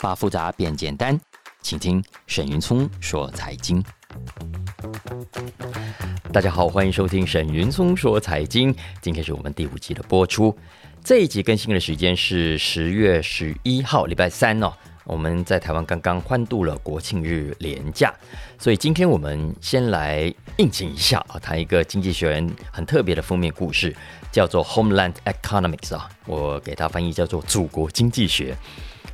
把複雜變簡單，請聽沈雲聰說財經。大家好，歡迎收聽沈雲聰說財經。今天是我們第五集的播出，這一集更新的時間是十月十一號，禮拜三哦。我們在台灣剛剛歡度了國慶日連假，所以今天我們先來應景一下啊、哦，談一個經濟學人很特別的封面故事，叫做 Homeland Economics 啊、哦。我給它翻譯叫做“祖國經濟學”。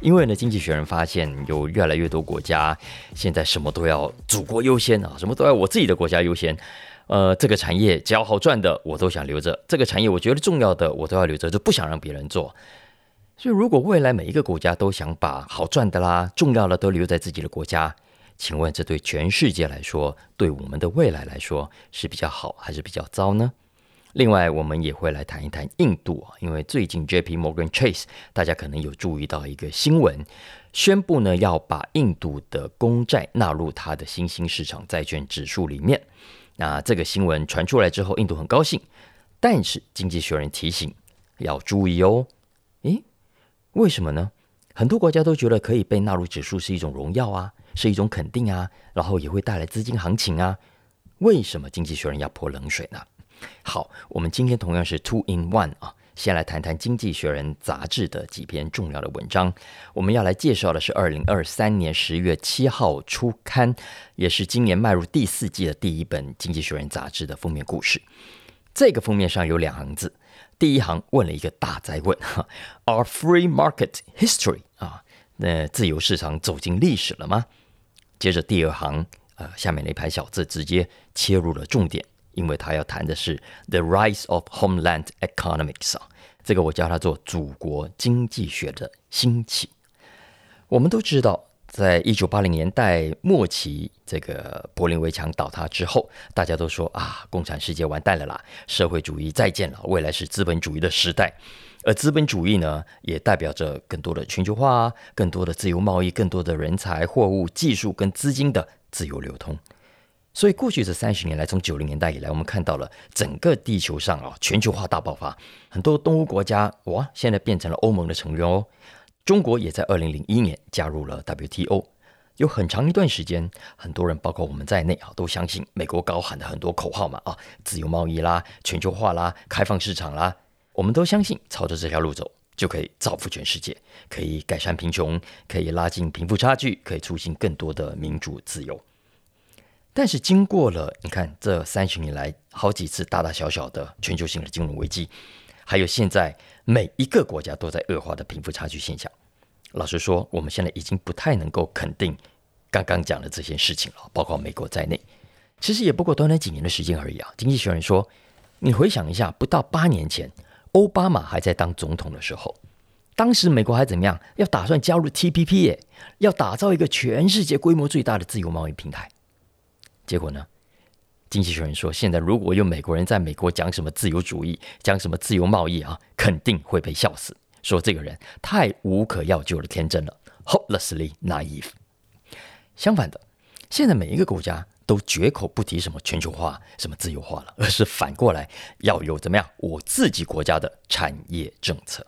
因為呢，經濟學人發現有越來越多國家現在什麼都要祖國優先啊，什麼都要我自己的國家優先。呃，這個產業只要好賺的，我都想留着；這個產業我覺得重要的，我都要留着，就不想讓別人做。所以，如果未來每一個國家都想把好賺的啦、重要的都留在自己的國家，請問這對全世界來說，對我們的未來來說，是比較好還是比較糟呢？另外，我們也會來談一談印度啊，因為最近 JP Morgan Chase，大家可能有注意到一個新聞，宣布呢要把印度的公債納入它的新興市場債券指數裡面。那這個新聞傳出來之後，印度很高興，但是經濟學人提醒要注意哦。咦？為什麼呢？很多國家都覺得可以被納入指數是一種榮耀啊，是一種肯定啊，然後也會帶來資金行情啊。為什麼經濟學人要潑冷水呢？好，我們今天同樣是 two in one 啊，先來談談《經濟學人》雜誌的幾篇重要的文章。我們要來介紹的是二零二三年十月七號出刊，也是今年邁入第四季的第一本《經濟學人》雜誌的封面故事。這個封面上有兩行字，第一行問了一個大哉問：哈、啊、Are free market history？啊，那自由市場走進歷史了嗎？接着第二行，呃，下面的一排小字直接切入了重點。因為他要談的是 The Rise of Homeland Economics，這個我叫他做祖國經濟學的興起。我們都知道，在一九八零年代末期，這個柏林圍牆倒塌之後，大家都說啊，共產世界完蛋了啦，社會主義再見了，未來是資本主義的時代。而資本主義呢，也代表着更多的全球化、更多的自由貿易、更多的人才、貨物、技術跟資金的自由流通。所以過去這三十年來，從九零年代以來，我們看到了整個地球上啊，全球化大爆發，很多東歐國家哇，現在變成了歐盟的成員哦。中國也在二零零一年加入了 WTO。有很長一段時間，很多人包括我們在內啊，都相信美國高喊的很多口號嘛，啊，自由貿易啦、全球化啦、開放市場啦，我們都相信朝着這條路走就可以造福全世界，可以改善貧窮，可以拉近貧富差距，可以促進更多的民主自由。但是經過了你看這三十年來好幾次大大小小的全球性的金融危機，還有現在每一個國家都在惡化的貧富差距現象，老實說，我們現在已經不太能夠肯定剛剛講的這些事情了，包括美國在內，其實也不過短短幾年的時間而已啊。經濟學人說，你回想一下，不到八年前，奧巴馬還在當總統的時候，當時美國還怎麼樣？要打算加入 TPP 耶，要打造一個全世界規模最大的自由貿易平台。結果呢？經濟學人說，現在如果有美國人在美國講什麼自由主義、講什麼自由貿易啊，肯定會被笑死。說這個人太無可救藥的天真了，hopelessly naive。相反的，現在每一個國家都絕口不提什麼全球化、什麼自由化了，而是反過來要有怎麼樣？我自己國家的產業政策。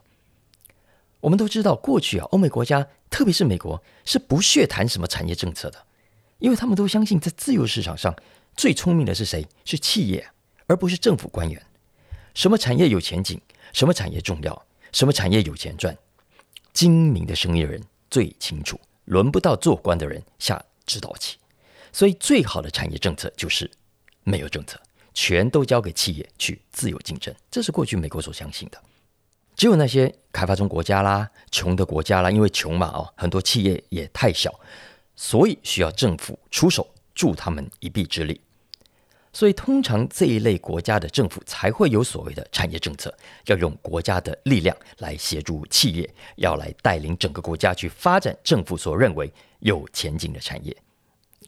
我們都知道，過去啊，歐美國家，特別是美國，是不屑談什麼產業政策的。因為他們都相信，在自由市場上最聰明的是誰？是企業，而不是政府官員。什麼產業有前景？什麼產業重要？什麼產業有錢賺？精明的生意人最清楚，輪不到做官的人下指導棋。所以，最好的產業政策就是沒有政策，全都交給企業去自由競爭。這是過去美國所相信的。只有那些開發中國家啦、窮的國家啦，因為窮嘛，哦，很多企業也太小。所以需要政府出手助他們一臂之力，所以通常這一類國家的政府才會有所謂的產業政策，要用國家的力量來協助企業，要來帶領整個國家去發展政府所認為有前景的產業。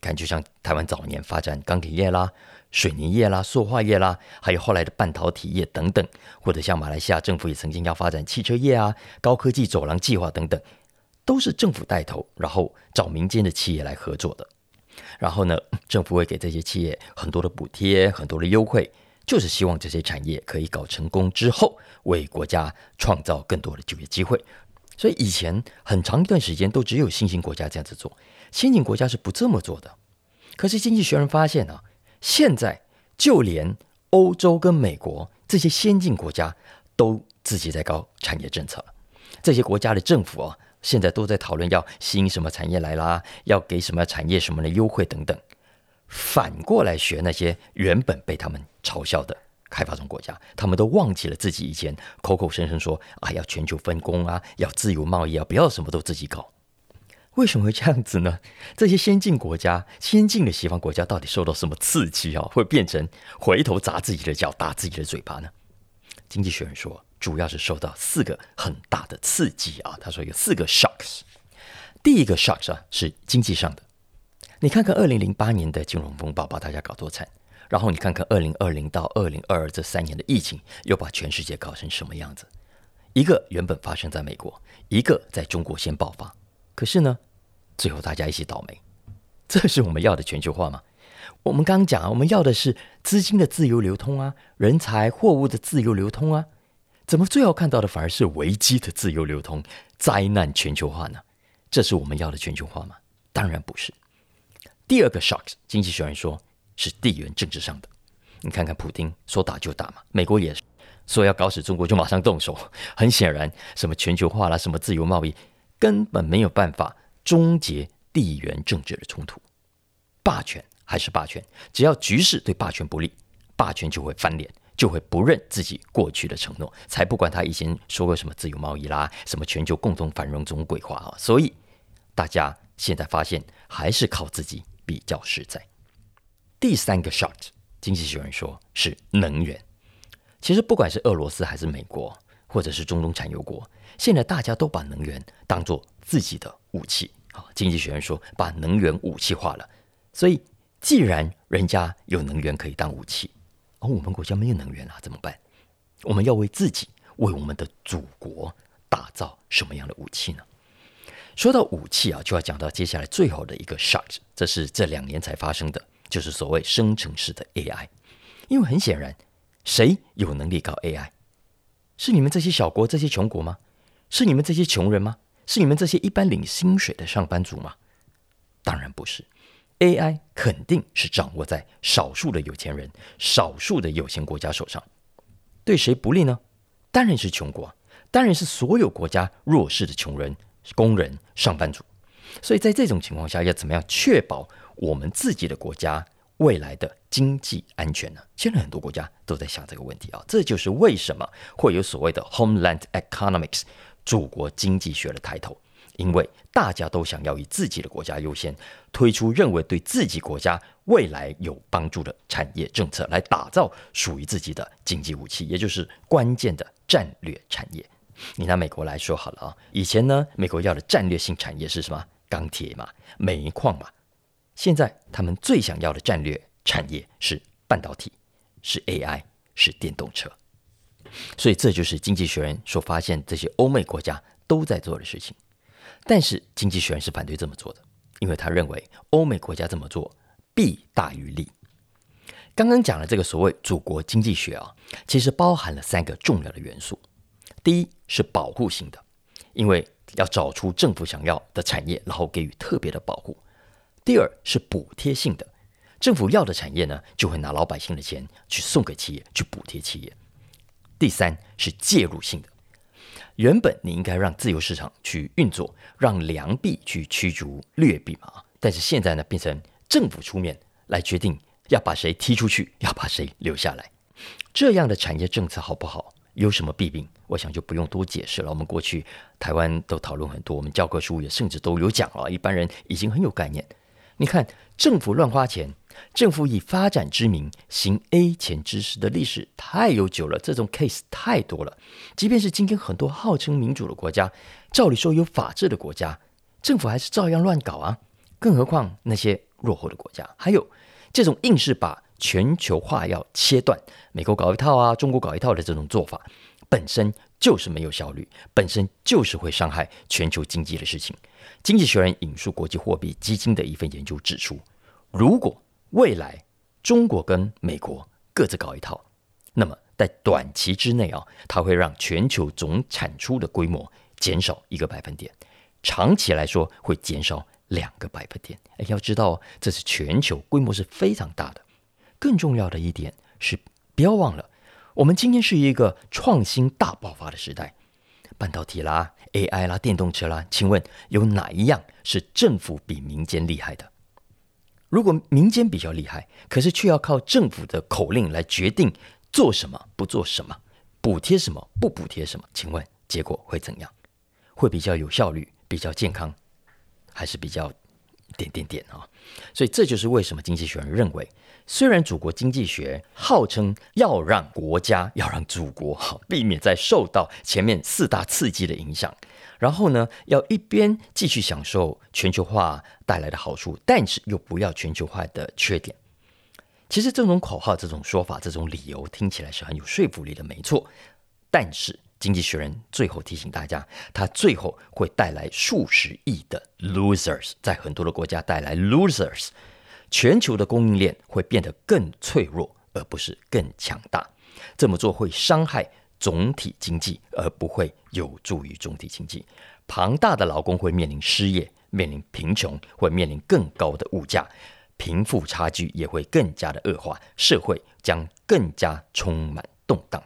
感覺像台灣早年發展鋼鐵業啦、水泥業啦、塑化業啦，還有後來的半導體業等等，或者像馬來西亞政府也曾經要發展汽車業啊、高科技走廊計劃等等。都是政府帶頭，然後找民間的企業來合作的。然後呢，政府會給這些企業很多的補貼、很多的優惠，就是希望這些產業可以搞成功之後，為國家創造更多的就業機會。所以以前很長一段時間都只有新興國家這樣子做，先進國家是不這麼做的。可是經濟學人發現呢、啊，現在就連歐洲跟美國這些先進國家都自己在搞產業政策。這些國家的政府啊。現在都在討論要吸引什麼產業來啦，要給什麼產業什麼的優惠等等。反過來學那些原本被他們嘲笑的開發中國家，他們都忘記了自己以前口口聲聲說啊，要全球分工啊，要自由貿易啊，不要什麼都自己搞。為什麼會這樣子呢？這些先進國家，先進的西方國家到底受到什麼刺激啊、哦，會變成回頭砸自己的腳，打自己的嘴巴呢？《經濟學人》說。主要是受到四個很大的刺激啊，他說有四個 shocks。第一個 shocks 啊是經濟上的，你看看二零零八年的金融風暴把大家搞多慘，然後你看看二零二零到二零二二這三年的疫情又把全世界搞成什麼樣子？一個原本發生在美國，一個在中國先爆發，可是呢，最後大家一起倒霉，這是我們要的全球化嗎？我們剛剛講啊，我們要的是資金的自由流通啊，人才、貨物的自由流通啊。怎麼最後看到的反而是危機的自由流通、災難全球化呢？這是我們要的全球化嗎？當然不是。第二個 shock，經濟學人說，是地緣政治上的。你看看普丁說打就打嘛，美國也是說要搞死中國就馬上動手。很顯然，什麼全球化啦，什麼自由貿易，根本沒有辦法終結地緣政治的衝突。霸權還是霸權，只要局勢對霸權不利，霸權就會翻臉。就會不認自己過去的承諾，才不管他以前說過什麼自由貿易啦，什麼全球共同繁榮這種鬼話啊！所以大家現在發現，還是靠自己比較實在。第三個 shot，經濟學人說，是能源。其實不管是俄羅斯還是美國，或者是中東產油國，現在大家都把能源當做自己的武器啊。經濟學人說，把能源武器化了。所以既然人家有能源可以當武器。而、哦、我們國家沒有能源了、啊，怎麼辦？我們要為自己、為我們的祖國打造什麼樣的武器呢？說到武器啊，就要講到接下來最後的一個 shock，這是這兩年才發生的，就是所謂生成式的 AI。因為很顯然，誰有能力搞 AI？是你們這些小國、這些窮國嗎？是你們這些窮人嗎？是你們這些一般領薪水的上班族嗎？當然不是。AI 肯定是掌握在少數的有錢人、少數的有錢國家手上，對誰不利呢？當然是窮國，當然是所有國家弱勢的窮人、工人、上班族。所以在這種情況下，要怎麼樣確保我們自己的國家未來的經濟安全呢？現在很多國家都在想這個問題啊，這就是為什麼會有所謂的 “Homeland Economics”（ 祖國經濟學）的抬頭。因為大家都想要以自己的國家優先，推出認為對自己國家未來有幫助的產業政策，來打造屬於自己的經濟武器，也就是關鍵的戰略產業。你拿美國來說好了啊、哦，以前呢，美國要的戰略性產業是什麼？鋼鐵嘛，煤礦嘛。現在他們最想要的戰略產業是半導體，是 AI，是電動車。所以這就是經濟學人所發現，這些歐美國家都在做的事情。但是經濟學人是反對這麼做的，因為他認為歐美國家這麼做弊大於利。剛剛講了這個所謂「祖國經濟學」啊，其實包含了三個重要的元素：第一是保護性的，因為要找出政府想要的產業，然後給予特別的保護；第二是補貼性的，政府要的產業呢，就會拿老百姓的錢去送給企業，去補貼企業；第三是介入性的。原本你應該讓自由市場去運作，讓良幣去驅逐劣幣嘛。但是現在呢，變成政府出面來決定要把誰踢出去，要把誰留下來，這樣的產業政策好不好？有什麼弊病？我想就不用多解釋了。我們過去台灣都討論很多，我們教科書也甚至都有講了，一般人已經很有概念。你看，政府亂花錢。政府以發展之名行 A 錢之實的歷史太悠久了，這種 case 太多了。即便是今天很多號稱民主的國家，照理說有法治的國家，政府還是照樣亂搞啊。更何況那些落後的國家。還有這種硬是把全球化要切斷，美國搞一套啊，中國搞一套的這種做法，本身就是沒有效率，本身就是會傷害全球經濟的事情。經濟學人引述國際貨幣基金的一份研究指出，如果未來，中國跟美國各自搞一套，那麼在短期之內啊，它會讓全球總產出的規模減少一個百分點，長期來說會減少兩個百分點。哎，要知道哦，這是全球規模是非常大的。更重要的一點是，不要忘了，我們今天是一個創新大爆發的時代，半導體啦、AI 啦、電動車啦，請問有哪一樣是政府比民間厲害的？如果民間比較厲害，可是卻要靠政府的口令來決定做什麼、不做什麼、補貼什麼、不補貼什麼？請問結果會怎樣？會比較有效率、比較健康，還是比較點點點啊？所以這就是為什麼經濟學人認為，雖然祖國經濟學號稱要讓國家、要讓祖國好，避免再受到前面四大刺激的影響。然後呢，要一邊繼續享受全球化帶來的好處，但是又不要全球化的缺點。其實這種口號、這種說法、這種理由聽起來是很有說服力的，沒錯。但是，經濟學人最後提醒大家，它最後會帶來數十億的 losers，在很多的國家帶來 losers，全球的供應鏈會變得更脆弱，而不是更強大。這麼做會傷害。總體經濟，而不會有助於總體經濟。龐大的勞工會面臨失業，面臨貧窮，會面臨更高的物價，貧富差距也會更加的惡化，社會將更加充滿動盪。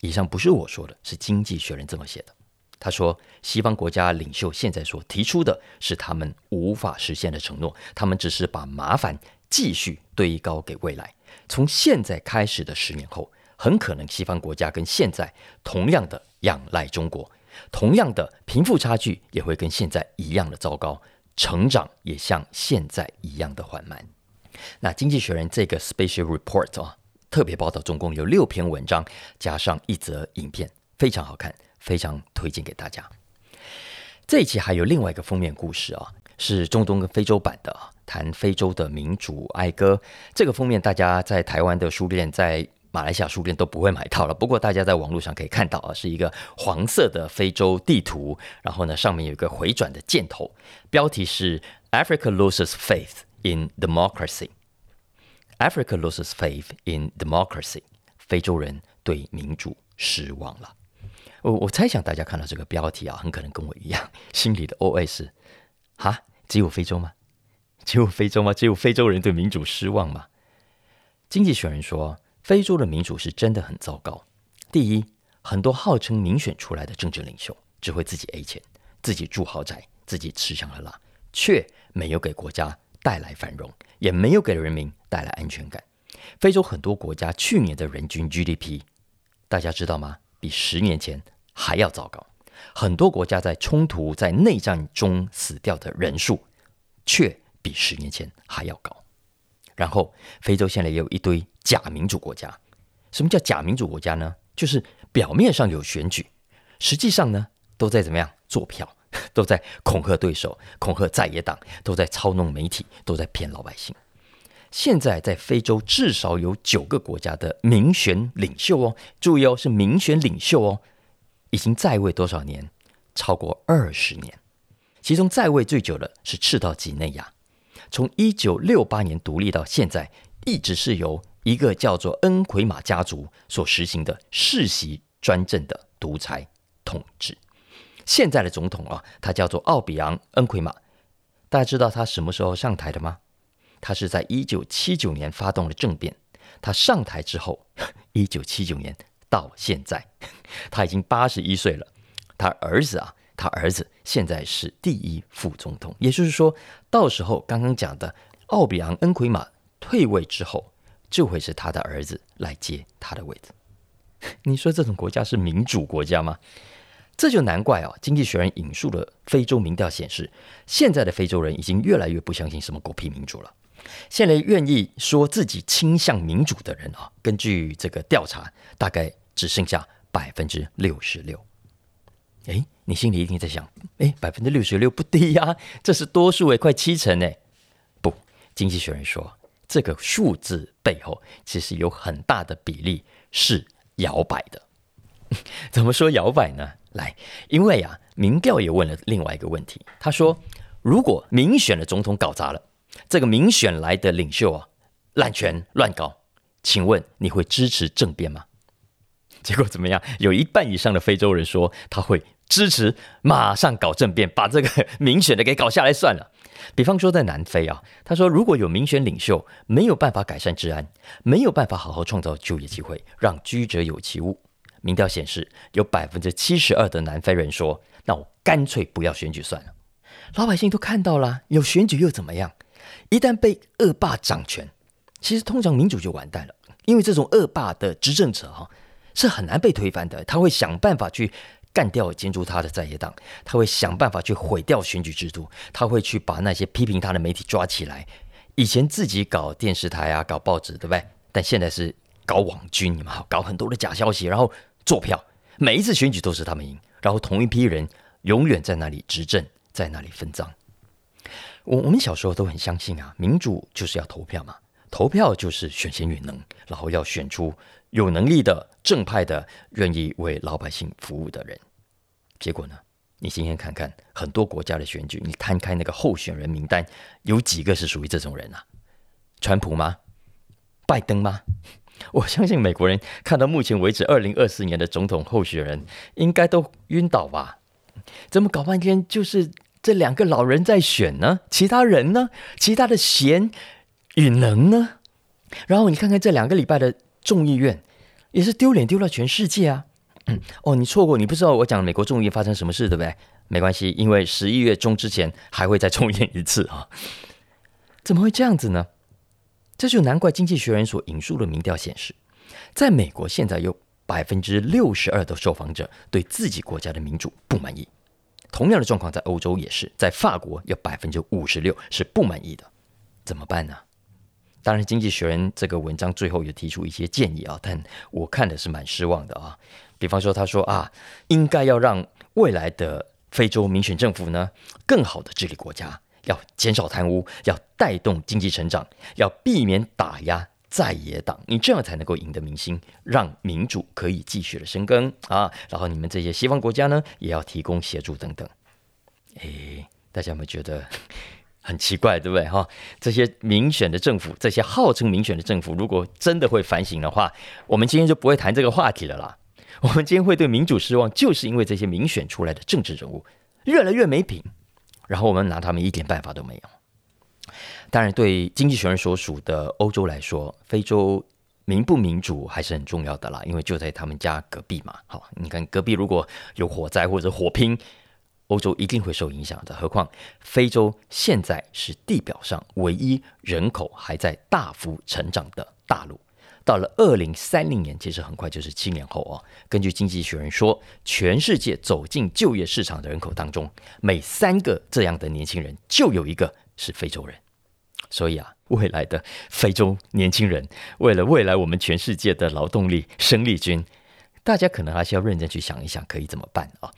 以上不是我說的，是《經濟學人》這麼寫的。他說，西方國家領袖現在所提出的是他們無法實現的承諾，他們只是把麻煩繼續堆高給未來。從現在開始的十年後，很可能西方國家跟現在同樣的仰賴中國，同樣的貧富差距也會跟現在一樣的糟糕，成長也像現在一樣的緩慢。那《經濟學人》這個 Special Report 啊、哦，特別報道，總共有六篇文章加上一則影片，非常好看，非常推薦給大家。這一期還有另外一個封面故事啊、哦，是中東跟非洲版的，談非洲的民主哀歌。這個封面大家在台灣的書店在。馬來西亞書店都不會買套了。不過，大家在網絡上可以看到啊，是一個黃色的非洲地圖，然後呢，上面有一個回轉的箭頭，標題是 “Africa loses faith in democracy”。Africa loses faith in democracy。非洲人對民主失望了。我我猜想，大家看到這個標題啊，很可能跟我一樣，心裡的 OS：哈，只有非洲嗎？只有非洲嗎？只有非洲人對民主失望嗎？經濟學人說。非洲的民主是真的很糟糕。第一，很多號稱民選出來的政治領袖，只會自己 A 錢，自己住豪宅，自己吃香喝辣，卻沒有給國家帶來繁榮，也沒有給人民帶來安全感。非洲很多國家去年的人均 GDP，大家知道嗎？比十年前還要糟糕。很多國家在衝突，在內戰中死掉的人數，卻比十年前還要高。然後，非洲現在也有一堆假民主國家。什麼叫假民主國家呢？就是表面上有選舉，實際上呢都在怎麼樣做票，都在恐嚇對手，恐嚇在野黨，都在操弄媒體，都在騙老百姓。現在在非洲至少有九個國家的民選領袖哦，注意哦，是民選領袖哦，已經在位多少年？超過二十年。其中在位最久的是赤道幾內亞。從一九六八年獨立到現在，一直是由一個叫做恩奎馬家族所實行的世襲專政的獨裁統治。現在的總統啊，他叫做奧比昂·恩奎馬。大家知道他什麼時候上台的嗎？他是在一九七九年發動了政變。他上台之後，一九七九年到現在，他已經八十一歲了。他兒子啊。他兒子現在是第一副總統，也就是說，到時候剛剛講的奧比昂恩奎馬退位之後，就會是他的兒子來接他的位置。你說這種國家是民主國家嗎？這就難怪啊、哦。《經濟學人》引述了非洲民調顯示，現在的非洲人已經越來越不相信什麼狗屁民主了。現在願意說自己傾向民主的人啊、哦，根據這個調查，大概只剩下百分之六十六。誒你心裡一定在想，欸，百分之六十六不低呀、啊，這是多數、欸，也快七成呢、欸。不，經濟學人說，這個數字背後其實有很大的比例是搖擺的。 怎麼說搖擺呢？來，因為啊，民調也問了另外一個問題，他說，如果民選的總統搞砸了，這個民選來的領袖啊，濫權亂搞，請問你會支持政變嗎？結果怎麼樣？有一半以上的非洲人說他會。支持馬上搞政變，把這個民選的給搞下來算了。比方說在南非啊，他說如果有民選領袖沒有辦法改善治安，沒有辦法好好創造就業機會，讓居者有其屋，民調顯示有百分之七十二的南非人說，那我乾脆不要選舉算了。老百姓都看到了，有選舉又怎麼樣？一旦被惡霸掌權，其實通常民主就完蛋了，因為這種惡霸的執政者啊，是很難被推翻的，他會想辦法去。幹掉監督他的在野黨，他會想辦法去毀掉選舉制度，他會去把那些批評他的媒體抓起來。以前自己搞電視台啊，搞報紙，對不對？但現在是搞網軍，你們好，搞很多的假消息，然後做票，每一次選舉都是他們贏，然後同一批人永遠在那裡執政，在那裡分贓。我我們小時候都很相信啊，民主就是要投票嘛。投票就是選賢與能，然後要選出有能力的、正派的、願意為老百姓服務的人。結果呢？你今天看看很多國家的選舉，你攤開那個候選人名單，有幾個是屬於這種人啊？川普嗎？拜登嗎？我相信美國人看到目前為止二零二四年的總統候選人，應該都暈倒吧？怎麼搞半天就是這兩個老人在選呢？其他人呢？其他的賢？你能呢？然後你看看這兩個禮拜的眾議院也是丟臉丟到全世界啊、嗯！哦，你錯過，你不知道我講美國眾議院發生什麼事，對不對？沒關係，因為十一月中之前還會再重演一次啊！怎麼會這樣子呢？這就難怪經濟學人所引述的民調顯示，在美國現在有百分之六十二的受訪者對自己國家的民主不滿意。同樣的狀況在歐洲也是，在法國有百分之五十六是不滿意的。怎麼辦呢？當然，《經濟學人》這個文章最後也提出一些建議啊、哦，但我看的是蠻失望的啊、哦。比方說，他說啊，應該要讓未來的非洲民選政府呢，更好的治理國家，要減少貪污，要帶動經濟成長，要避免打壓在野黨，你這樣才能夠贏得民心，讓民主可以繼續的生根啊。然後，你們這些西方國家呢，也要提供協助等等。誒，大家有沒有覺得？很奇怪，對不對哈？這些民選的政府，這些號稱民選的政府，如果真的會反省的話，我們今天就不會談這個話題了啦。我們今天會對民主失望，就是因為這些民選出來的政治人物越來越沒品，然後我們拿他們一點辦法都沒有。當然，對經濟學人所屬的歐洲來說，非洲民不民主還是很重要的啦，因為就在他們家隔壁嘛。好，你看隔壁如果有火災或者火拼。歐洲一定會受影響的，何況非洲現在是地表上唯一人口還在大幅成長的大陸。到了二零三零年，其實很快就是七年後啊、哦。根據《經濟學人》說，全世界走進就業市場的人口當中，每三個這樣的年輕人就有一個是非洲人。所以啊，未來的非洲年輕人，為了未來我們全世界的勞動力生力軍，大家可能還是要認真去想一想，可以怎麼辦啊？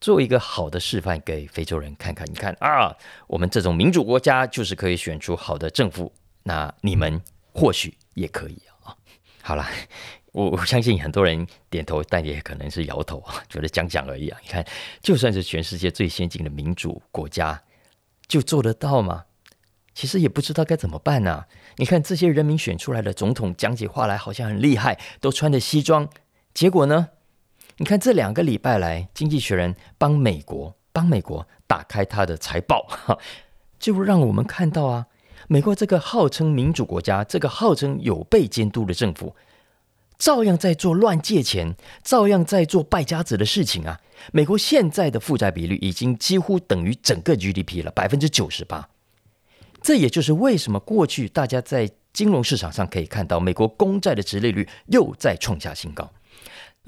做一個好的示範給非洲人看看，你看啊，我們這種民主國家就是可以選出好的政府，那你們或許也可以啊、哦。好啦，我我相信很多人點頭，但也可能是搖頭啊，覺得講講而已啊。你看，就算是全世界最先進的民主國家，就做得到嗎？其實也不知道該怎麼辦呢、啊。你看這些人民選出來的總統，講起話來好像很厲害，都穿着西裝，結果呢？你看這兩個禮拜來，《經濟學人》幫美國幫美國打開他的財報，哈，就讓我們看到啊，美國這個號稱民主國家，這個號稱有被監督的政府，照樣在做亂借錢，照樣在做敗家子的事情啊！美國現在的負債比率已經幾乎等於整個 GDP 了，百分之九十八。這也就是為什麼過去大家在金融市場上可以看到，美國公債的殖利率又在創下新高。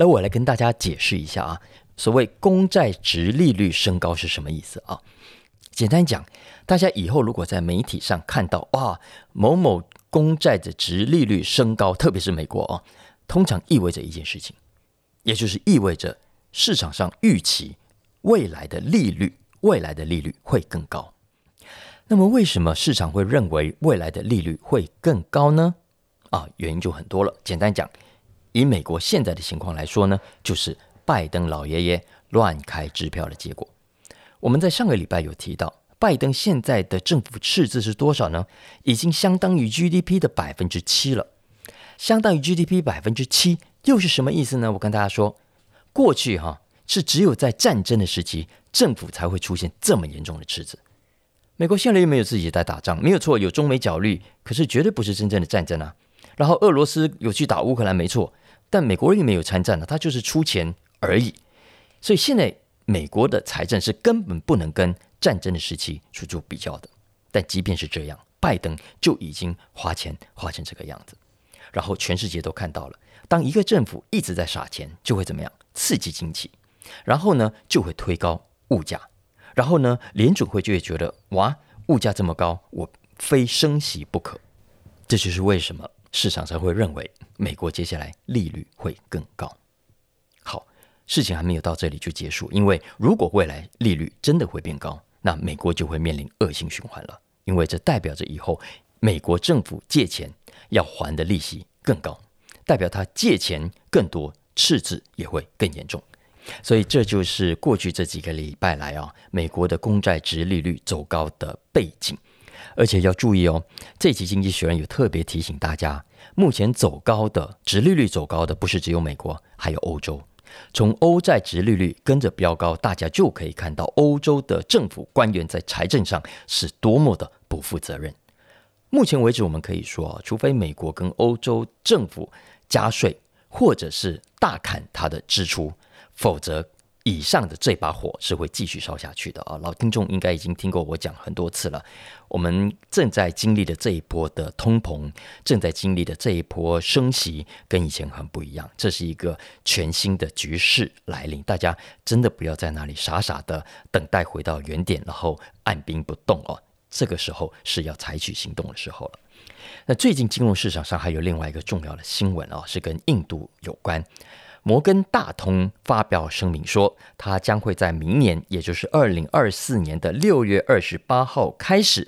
那我來跟大家解釋一下啊，所謂公債殖利率升高是什麼意思啊？簡單講，大家以後如果在媒體上看到哇，某某公債的殖利率升高，特別是美國啊，通常意味着一件事情，也就是意味着市場上預期未來的利率未來的利率會更高。那麼，為什麼市場會認為未來的利率會更高呢？啊，原因就很多了。簡單講。以美國現在的情況來說呢，就是拜登老爺爺亂開支票的結果。我們在上個禮拜有提到，拜登現在的政府赤字是多少呢？已經相當於 GDP 的百分之七了。相當於 GDP 百分之七又是什麼意思呢？我跟大家說，過去哈、啊、是只有在戰爭的時期，政府才會出現這麼嚴重的赤字。美國現在又沒有自己在打仗，沒有錯，有中美角力，可是絕對不是真正的戰爭啊。然後俄羅斯有去打烏克蘭，沒錯，但美國人也沒有參戰呢，他就是出錢而已。所以現在美國的財政是根本不能跟戰爭的時期去做比較的。但即便是這樣，拜登就已經花錢花成這個樣子，然後全世界都看到了。當一個政府一直在撒錢，就會怎麼樣？刺激經濟，然後呢就會推高物價，然後呢聯準會就會覺得哇，物價這麼高，我非升息不可。這就是為什麼。市場才會認為美國接下來利率會更高。好，事情還沒有到這裡就結束，因為如果未來利率真的會變高，那美國就會面臨惡性循環了，因為這代表着以後美國政府借錢要還的利息更高，代表他借錢更多，赤字也會更嚴重。所以這就是過去這幾個禮拜來啊，美國的公債殖利率走高的背景。而且要注意哦，這期《經濟學人》有特別提醒大家，目前走高的、殖利率走高的，不是只有美國，還有歐洲。從歐債殖利率跟着飆高，大家就可以看到歐洲的政府官員在財政上是多麼的不負責任。目前為止，我們可以說，除非美國跟歐洲政府加稅，或者是大砍它的支出，否則。以上的這把火是會繼續燒下去的啊、哦！老聽眾應該已經聽過我講很多次了，我們正在經歷的這一波的通膨，正在經歷的這一波升息，跟以前很不一樣，這是一個全新的局勢來臨。大家真的不要在那裡傻傻的等待回到原點，然後按兵不動哦。這個時候是要採取行動的時候了。那最近金融市場上還有另外一個重要的新聞啊、哦，是跟印度有關。摩根大通發表聲明說，它將會在明年，也就是二零二四年的六月二十八號開始，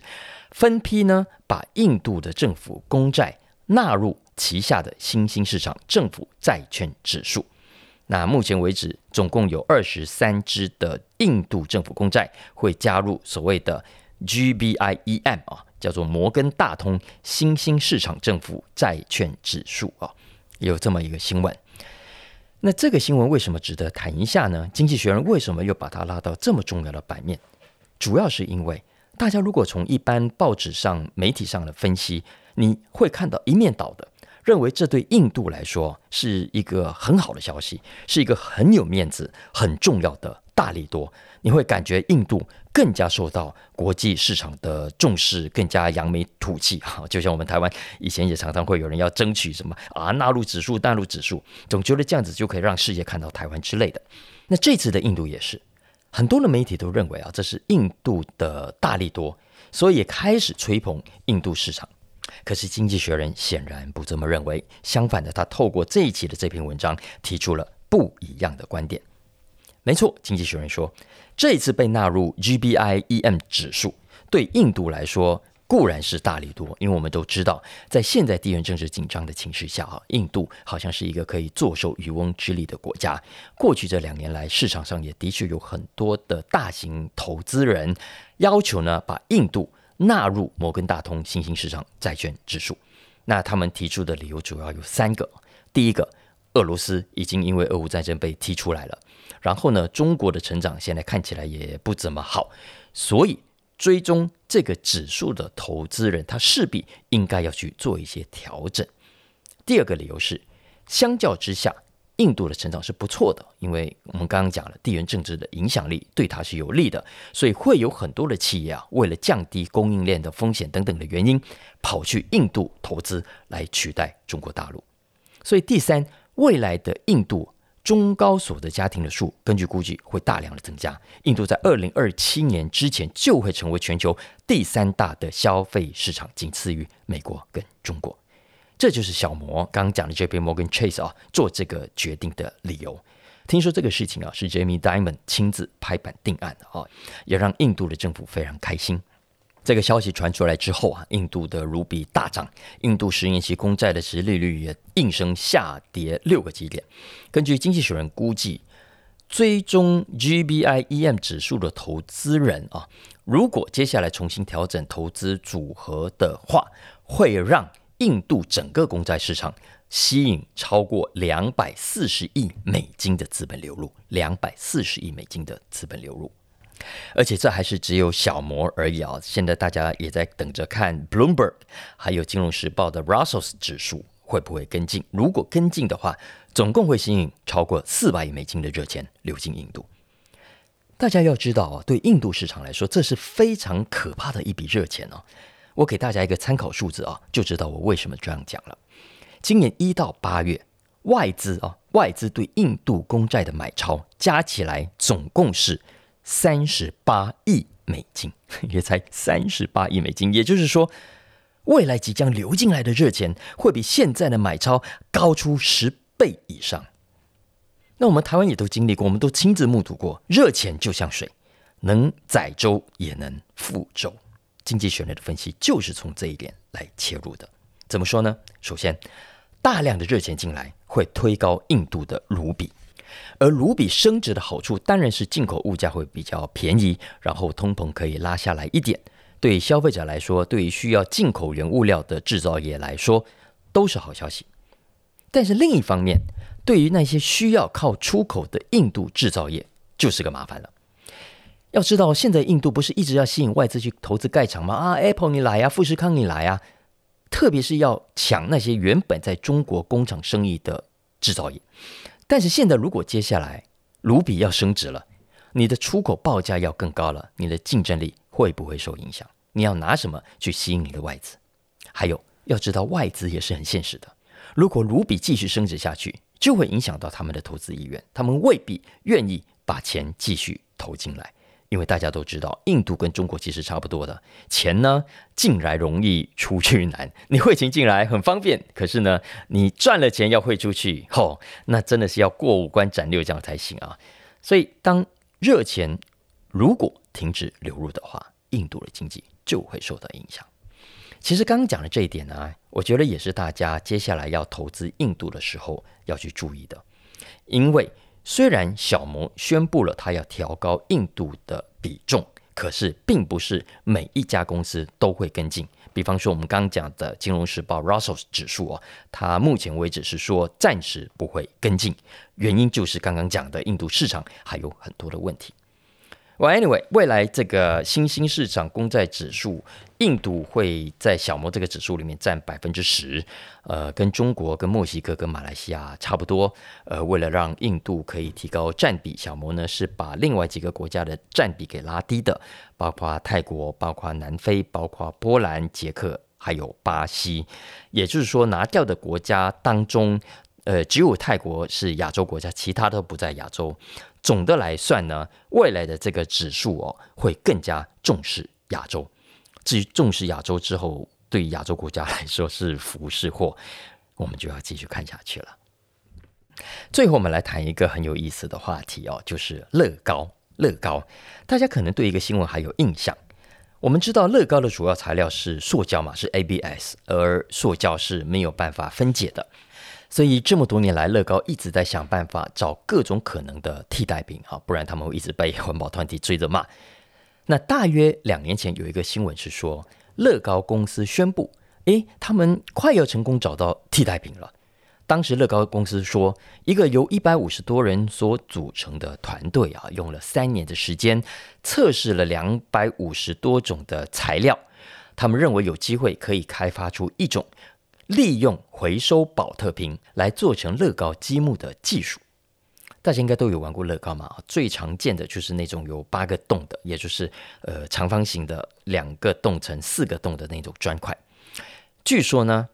分批呢把印度的政府公債納入旗下的新興市場政府債券指數。那目前為止，總共有二十三隻的印度政府公債會加入所謂的 GBIEM 啊，叫做摩根大通新興市場政府債券指數啊，有這麼一個新聞。那這個新聞為什麼值得談一下呢？《經濟學人》為什麼又把它拉到這麼重要的版面？主要是因為大家如果從一般報紙上、媒體上的分析，你會看到一面倒的，認為這對印度來說是一個很好的消息，是一個很有面子、很重要的大利多，你會感覺印度。更加受到國際市場的重視，更加揚眉吐氣哈！就像我們台灣以前也常常會有人要爭取什麼啊，納入指數、納入指數，總覺得這樣子就可以讓世界看到台灣之類的。那這次的印度也是，很多的媒體都認為啊，這是印度的大利多，所以也開始吹捧印度市場。可是經濟學人顯然不這麼認為，相反的，他透過這一期的這篇文章提出了不一樣的觀點。沒錯，經濟學人說，這一次被納入 GBIEM 指數，對印度來說固然是大利多，因為我們都知道，在現在地緣政治緊張的情勢下啊，印度好像是一個可以坐收漁翁之利的國家。過去這兩年來，市場上也的確有很多的大型投資人要求呢，把印度納入摩根大通新興市場債券指數。那他們提出的理由主要有三個，第一個。俄羅斯已經因為俄烏戰爭被踢出來了，然後呢，中國的成長現在看起來也不怎麼好，所以追蹤這個指數的投資人，他勢必應該要去做一些調整。第二個理由是，相較之下，印度的成長是不錯的，因為我們剛剛講了地緣政治的影響力對它是有利的，所以會有很多的企業啊，為了降低供應鏈的風險等等的原因，跑去印度投資來取代中國大陸。所以第三。未來的印度中高所得家庭的數，根據估計會大量的增加。印度在二零二七年之前就會成為全球第三大的消費市場，僅次於美國跟中國。這就是小摩剛講的 JPMorgan Chase 啊、哦，做這個決定的理由。聽說這個事情啊，是 Jamie Diamond 親自拍板定案的啊、哦，也讓印度的政府非常開心。這個消息傳出來之後啊，印度的盧比大漲，印度十年期公債的殖利率也應聲下跌六個基點。根據經濟學人估計，追蹤 GBIEM 指數的投資人啊，如果接下來重新調整投資組合的話，會讓印度整個公債市場吸引超過兩百四十億美金的資本流入，兩百四十億美金的資本流入。而且這還是只有小摩而已啊、哦！現在大家也在等着看《Bloomberg》還有《金融時報》的 Russell's 指數會不會跟進？如果跟進的話，總共會吸引超過四百億美金的熱錢流進印度。大家要知道啊、哦，對印度市場來說，這是非常可怕的一筆熱錢啊、哦。我給大家一個參考數字啊、哦，就知道我為什麼這樣講了。今年一到八月，外資啊、哦，外資對印度公債的買超加起來總共是。三十八億美金，也才三十八億美金，也就是說，未來即將流進來的熱錢會比現在的買超高出十倍以上。那我們台灣也都經歷過，我們都親自目睹過，熱錢就像水，能載舟也能覆舟。經濟學人的分析就是從這一點來切入的。怎麼說呢？首先，大量的熱錢進來會推高印度的盧比。而盧比升值的好處當然是進口物價會比較便宜，然後通膨可以拉下來一點。對消費者來說，對於需要進口原物料的制造業來說，都是好消息。但是另一方面，對於那些需要靠出口的印度製造業，就是個麻煩了。要知道，現在印度不是一直要吸引外資去投資蓋廠嗎？啊，Apple 你來呀，啊，富士康你來呀，啊，特別是要搶那些原本在中國工廠生意的製造業。但是現在，如果接下來盧比要升值了，你的出口報價要更高了，你的競爭力會不會受影響？你要拿什麼去吸引你的外資？還有，要知道外資也是很現實的。如果盧比繼續升值下去，就會影響到他們的投資意願，他們未必願意把錢繼續投進來。因為大家都知道，印度跟中國其實差不多的，錢呢，進來容易出去難。你匯錢進來很方便，可是呢，你賺了錢要匯出去，吼，那真的是要過五關斬六將才行啊。所以，當熱錢如果停止流入的話，印度的經濟就會受到影響。其實剛剛講的這一點呢，我覺得也是大家接下來要投資印度的時候要去注意的，因為，雖然小摩宣布了他要調高印度的比重，可是並不是每一家公司都會跟進。比方說，我們剛剛講的《金融時報》Russell 指數啊、哦，它目前為止是說暫時不會跟進，原因就是剛剛講的印度市場還有很多的問題。喂、well, anyway，未來這個新興市場公債指數，印度會在小摩這個指數裡面占百分之十，呃，跟中國、跟墨西哥、跟馬來西亞差不多。呃，為了讓印度可以提高占比，小摩呢是把另外幾個國家的占比給拉低的，包括泰國、包括南非、包括波蘭、捷克，還有巴西。也就是說，拿掉的國家當中。呃，只有泰國是亞洲國家，其他都不在亞洲。總的來算呢，未來的這個指數哦，會更加重視亞洲。至於重視亞洲之後，對於亞洲國家來說是福是禍，我們就要繼續看下去了。最後，我們來談一個很有意思的話題哦，就是樂高。樂高，大家可能對一個新聞還有印象。我們知道，樂高的主要材料是塑膠嘛，是 ABS，而塑膠是沒有辦法分解的。所以這麼多年來，樂高一直在想辦法找各種可能的替代品，啊不然他們會一直被環保團體追着罵。那大約兩年前有一個新聞是說，樂高公司宣布，誒，他們快要成功找到替代品了。當時樂高公司說，一個由一百五十多人所組成的團隊啊，用了三年的時間，測試了兩百五十多種的材料，他們認為有機會可以開發出一種。利用回收寶特瓶來做成樂高積木的技術，大家應該都有玩過樂高嘛？最常見的就是那種有八個洞的，也就是呃長方形的兩個洞乘四個洞的那種磚塊。據說呢，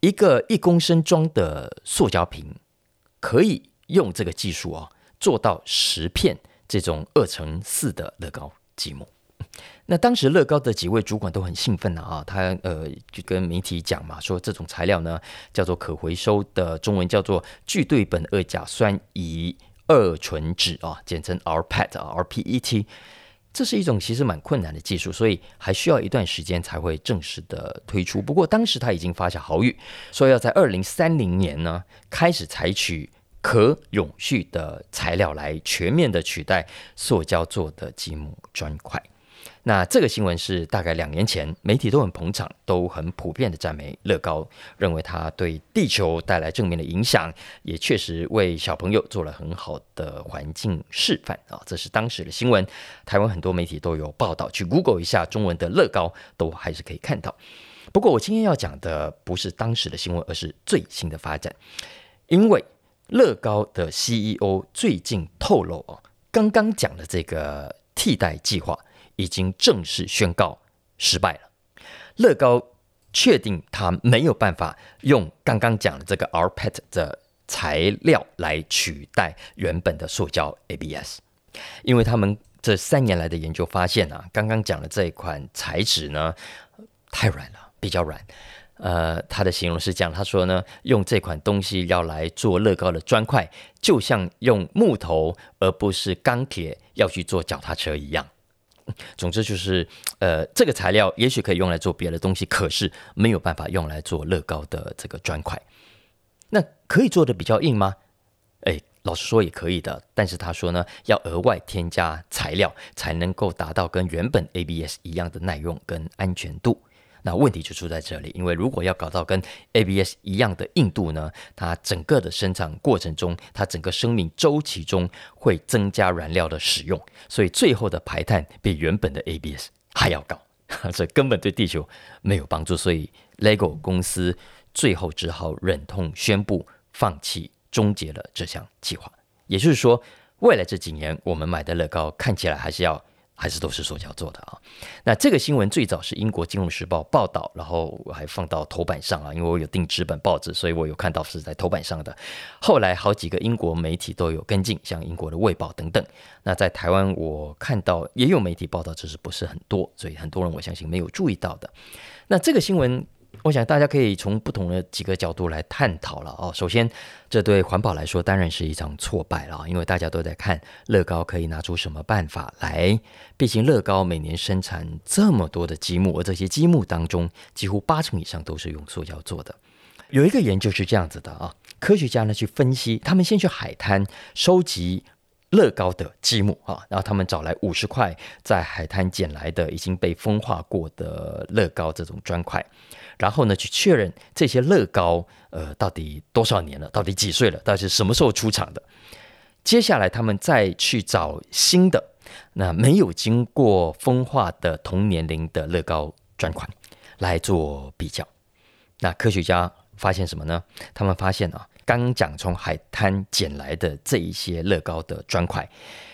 一個一公升裝的塑膠瓶可以用這個技術啊、哦，做到十片這種二乘四的樂高積木。那當時樂高的幾位主管都很興奮啊，他呃就跟媒體講嘛，說這種材料呢叫做可回收的，中文叫做聚對苯二甲酸乙二醇酯啊，哦，簡稱 rPET 啊，rPET，這是一種其實蠻困難的技術，所以還需要一段時間才會正式的推出。不過當時他已經發下豪語，說要在二零三零年呢開始採取可永續的材料來全面的取代塑膠做的積木磚塊。那這個新聞是大概兩年前，媒體都很捧場，都很普遍的讚美樂高，認為它對地球帶來正面的影響，也確實為小朋友做了很好的環境示範啊。這是當時的新聞，台灣很多媒體都有報道。去 Google 一下中文的樂高，都還是可以看到。不過我今天要講的不是當時的新聞，而是最新的發展，因為樂高的 CEO 最近透露哦，剛剛講的這個替代計劃。已經正式宣告失敗了。樂高確定他沒有辦法用剛剛講的這個 R-PET 的材料來取代原本的塑膠 ABS，因為他們這三年來的研究發現啊，剛剛講的這一款材質呢、呃、太軟了，比較軟。呃，他的形容是這樣，他說呢，用這款東西要來做樂高的磚塊，就像用木頭而不是鋼鐵要去做腳踏車一樣。總之就是，呃，這個材料也許可以用來做別的東西，可是沒有辦法用來做樂高的這個磚塊。那可以做得比較硬嗎？哎、欸，老實說也可以的，但是他說呢，要額外添加材料才能夠達到跟原本 ABS 一樣的耐用跟安全度。那問題就出在這裡，因為如果要搞到跟 ABS 一樣的硬度呢，它整個的生產過程中，它整個生命週期中會增加燃料的使用，所以最後的排碳比原本的 ABS 還要高，所以根本對地球沒有幫助。所以 LEGO 公司最後只好忍痛宣布放棄，終結了這項計劃。也就是說，未來這幾年我們買的樂高看起來還是要。還是都是塑膠做的啊。那這個新聞最早是英國金融時報報道，然後我還放到頭版上啊，因為我有訂紙本報紙，所以我有看到是在頭版上的。後來好幾個英國媒體都有跟進，像英國的衛報等等。那在台灣我看到也有媒體報道，只是不是很多，所以很多人我相信沒有注意到的。那這個新聞。我想大家可以從不同的幾個角度來探討了哦。首先，這對環保來說當然是一場挫敗了，因為大家都在看樂高可以拿出什麼辦法來。畢竟樂高每年生產這麼多的積木，而這些積木當中幾乎八成以上都是用塑膠做的。有一個研究是這樣子的啊，科學家呢去分析，他們先去海灘收集樂高的積木啊，然後他們找來五十塊在海灘撿來的已經被風化過的樂高這種磚塊。然後呢，去確認這些樂高，呃，到底多少年了，到底幾歲了，到底什麼時候出廠的？接下來他們再去找新的，那沒有經過風化的同年齡的樂高磚塊來做比較。那科學家發現什麼呢？他們發現啊，剛講從海灘撿來的這一些樂高的磚塊。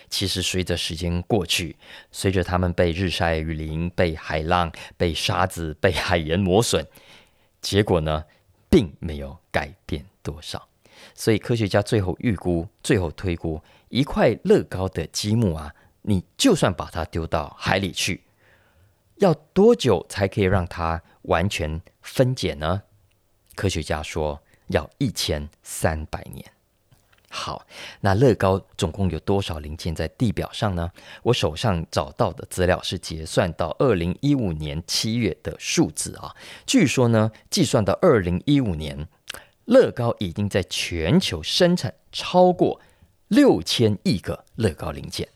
其實隨着時間過去，隨着他們被日曬雨淋、被海浪、被沙子、被海鹽磨損，結果呢，並沒有改變多少。所以科學家最後預估、最後推估，一塊樂高的積木啊，你就算把它丟到海裡去，要多久才可以讓它完全分解呢？科學家說，要一千三百年。好，那樂高總共有多少零件在地表上呢？我手上找到的資料是結算到二零一五年七月的數字啊。據說呢，計算到二零一五年，樂高已經在全球生產超過六千億個樂高零件。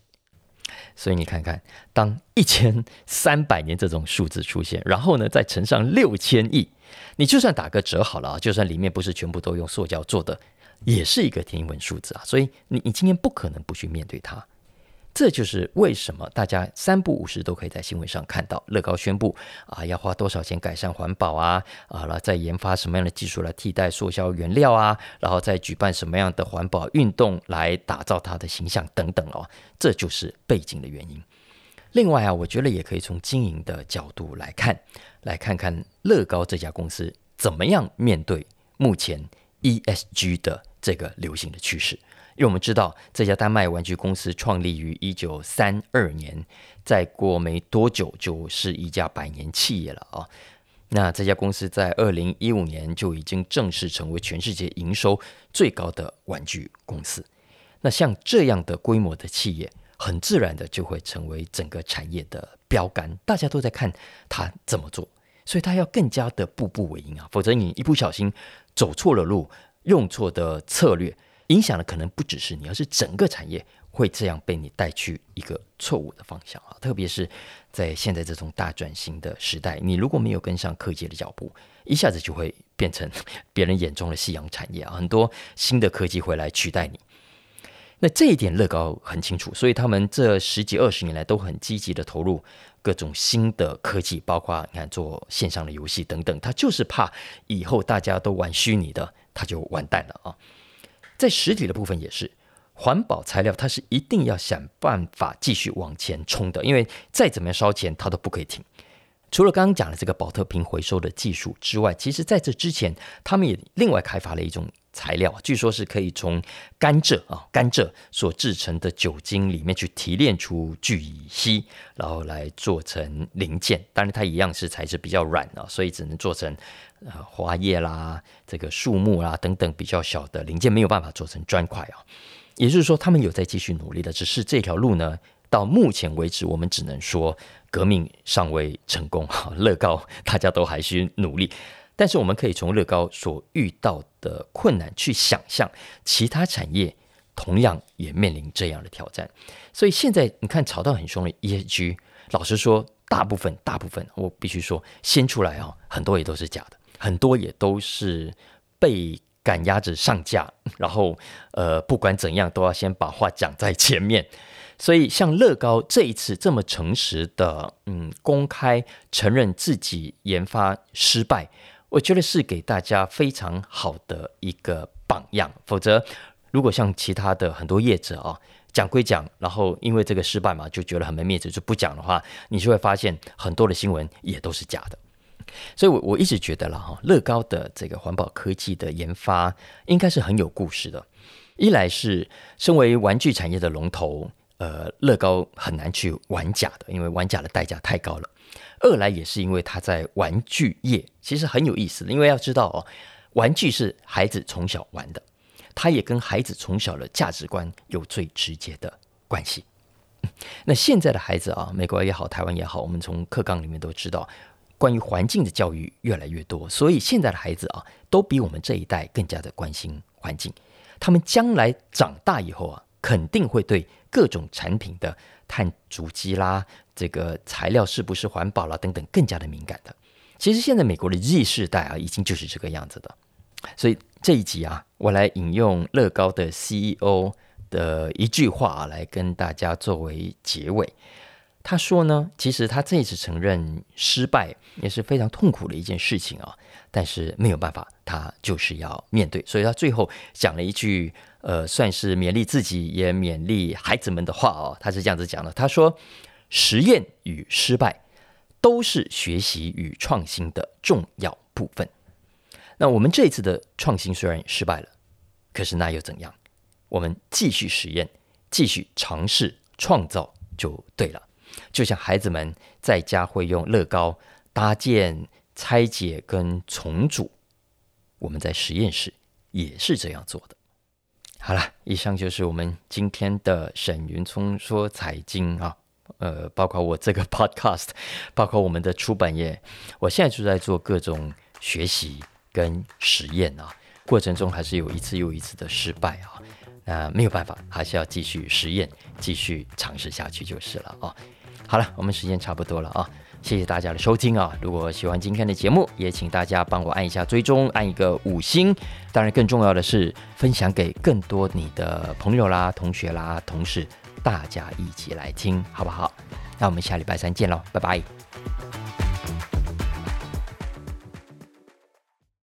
所以你看看，當一千三百年這種數字出現，然後呢再乘上六千億，你就算打個折好了啊，就算裡面不是全部都用塑膠做的。也是一個天文數字啊，所以你你今天不可能不去面對它，這就是為什麼大家三不五時都可以在新聞上看到樂高宣布啊，要花多少錢改善環保啊，啊然後再研發什麼樣的技術來替代塑膠原料啊，然後再舉辦什麼樣的環保運動來打造它的形象等等哦，這就是背景的原因。另外啊，我覺得也可以從經營的角度來看，來看看樂高這家公司怎麼樣面對目前 ESG 的這個流行的趨勢，因為我們知道這家丹麥玩具公司創立於一九三二年，再過沒多久就是一家百年企業了啊、哦。那這家公司在二零一五年就已經正式成為全世界營收最高的玩具公司。那像這樣的規模的企業，很自然的就會成為整個產業的標桿，大家都在看它怎麼做，所以它要更加的步步為營啊，否則你一不小心走錯了路，用錯的策略，影響的可能不只是你，而是整個產業會這樣被你帶去一個錯誤的方向啊！特別是在現在這種大轉型的時代，你如果沒有跟上科技的腳步，一下子就會變成別人眼中的夕陽產業啊！很多新的科技會來取代你。那這一點樂高很清楚，所以他們這十幾二十年來都很積極的投入各種新的科技，包括你看做線上的遊戲等等，他就是怕以後大家都玩虛擬的。它就完蛋了啊！在實體的部分也是，環保材料它是一定要想辦法繼續往前衝的，因為再怎麼樣燒錢它都不可以停。除了剛剛講的這個寶特瓶回收的技術之外，其實在這之前，他們也另外開發了一種。材料據說是可以從甘蔗啊，甘蔗所製成的酒精裡面去提煉出聚乙烯，然後來做成零件。當然它一樣是材質比較軟啊，所以只能做成呃花葉啦、這個樹木啦等等比較小的零件，沒有辦法做成磚塊啊。也就是說，他們有在繼續努力的，只是這條路呢，到目前為止，我們只能說革命尚未成功，樂高大家都還需努力。但是我們可以從樂高所遇到的困難去想象，其他產業同樣也面臨這樣的挑戰。所以現在你看吵到很凶的 ESG，老實說，大部分大部分我必須說，先出來啊、哦，很多也都是假的，很多也都是被趕鴨子上架，然後呃，不管怎樣都要先把話講在前面。所以像樂高這一次這麼誠實的，嗯，公開承認自己研發失敗。我覺得是給大家非常好的一個榜樣，否則如果像其他的很多業者啊，講歸講，然後因為這個失敗嘛，就覺得很沒面子，就不講的話，你就會發現很多的新聞也都是假的。所以我，我我一直覺得了哈，樂高的這個環保科技的研發應該是很有故事的。一來是身為玩具產業的龍頭，呃，樂高很難去玩假的，因為玩假的代價太高了。二來也是因為他在玩具業，其實很有意思，因為要知道哦，玩具是孩子從小玩的，他也跟孩子從小的價值觀有最直接的關係。那現在的孩子啊，美國也好，台灣也好，我們從課綱裡面都知道，關於環境的教育越來越多，所以現在的孩子啊，都比我們這一代更加的關心環境。他們將來長大以後啊，肯定會對各種產品的碳足跡啦。這個材料是不是環保了？等等，更加的敏感的。其實現在美國的 Z 世代啊，已經就是這個樣子的。所以這一集啊，我來引用樂高的 CEO 的一句話啊，來跟大家作為結尾。他說呢，其實他這一次承認失敗也是非常痛苦的一件事情啊，但是沒有辦法，他就是要面對。所以他最後講了一句，呃，算是勉勵自己也勉勵孩子們的話哦。他是這樣子講的，他說。實驗與失敗都是學習與創新的重要部分。那我們這次的創新雖然失敗了，可是那又怎樣？我們繼續實驗，繼續嘗試創造就對了。就像孩子們在家會用樂高搭建、拆解跟重組，我們在實驗室也是這樣做的。好了，以上就是我們今天的沈雲聰說財經啊。呃，包括我這個 Podcast，包括我們的出版業，我現在就在做各種學習跟實驗啊。過程中還是有一次又一次的失敗啊，那沒有辦法，還是要繼續實驗，繼續嘗試下去就是了啊。好了，我們時間差不多了啊，謝謝大家的收聽啊。如果喜歡今天的節目，也請大家幫我按一下追蹤，按一個五星。當然，更重要的是分享給更多你的朋友啦、同學啦、同事。大家一起來聽好不好？那我們下禮拜三見嘍，拜拜。